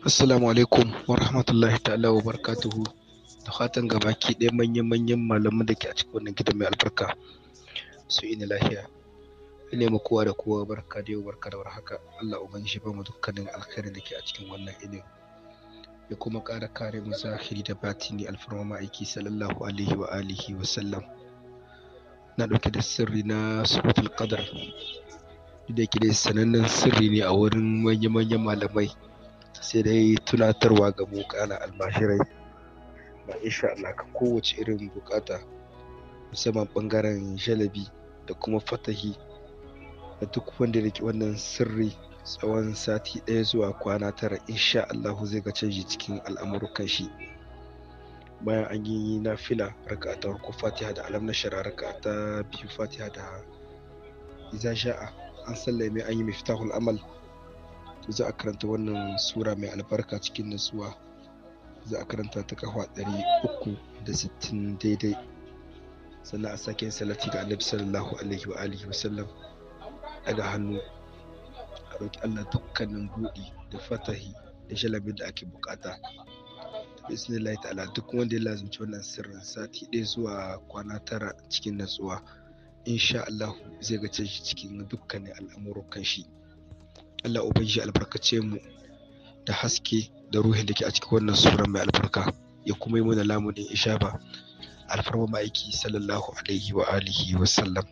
Assalamu alaikum wa rahmatullahi ta'ala wa barakatuhu da fatan ga baki ɗaya manyan-manyan malaman da ke a cikin wannan gidan mai albarka su ina lahiya ina ma kowa da kowa barka da yau barka da warhaka Allah shi ba mu dukkanin alkhairi da ke a cikin wannan ilimi ya kuma ƙara kare mu zahiri da batini alfarma ma'aiki sallallahu alaihi wa alihi wa sallam na ɗauke da sirri na suratul qadar da ke da sanannen sirri ne a wurin manya-manyan malamai sai dai tunatarwa ga mu kana almashirai ba insha Allah ka kowace irin bukata musamman bangaren jalabi da kuma fatahi da duk wanda da wannan sirri tsawon sati ɗaya zuwa kwana tara insha Allah zai ga canji cikin al'amurukan shi bayan an yi na fila raka ta fatiha da alam na shara raka biyu fatiha da izasha'a an sallame an yi miftahul amal to za a karanta wannan sura mai albarka cikin nutsuwa za a karanta ta kafa ɗari uku da sittin daidai sannan a sake yin salati ga annabi sallallahu alaihi wa alihi wa sallam daga hannu a roƙi Allah dukkanin buɗi da fatahi da shalabin da ake bukata bismillah ta'ala duk wanda ya lazumci wannan sirrin sati ɗaya zuwa kwana tara cikin natsuwa insha Allah zai gace shi cikin dukkanin al'amuran shi Allah ubangiji albarkace mu da haske da ruhin da ke a cikin wannan sura mai albarka ya kuma yi mana lamunin ishaba alfarma ma'aiki sallallahu alaihi wa alihi wa sallam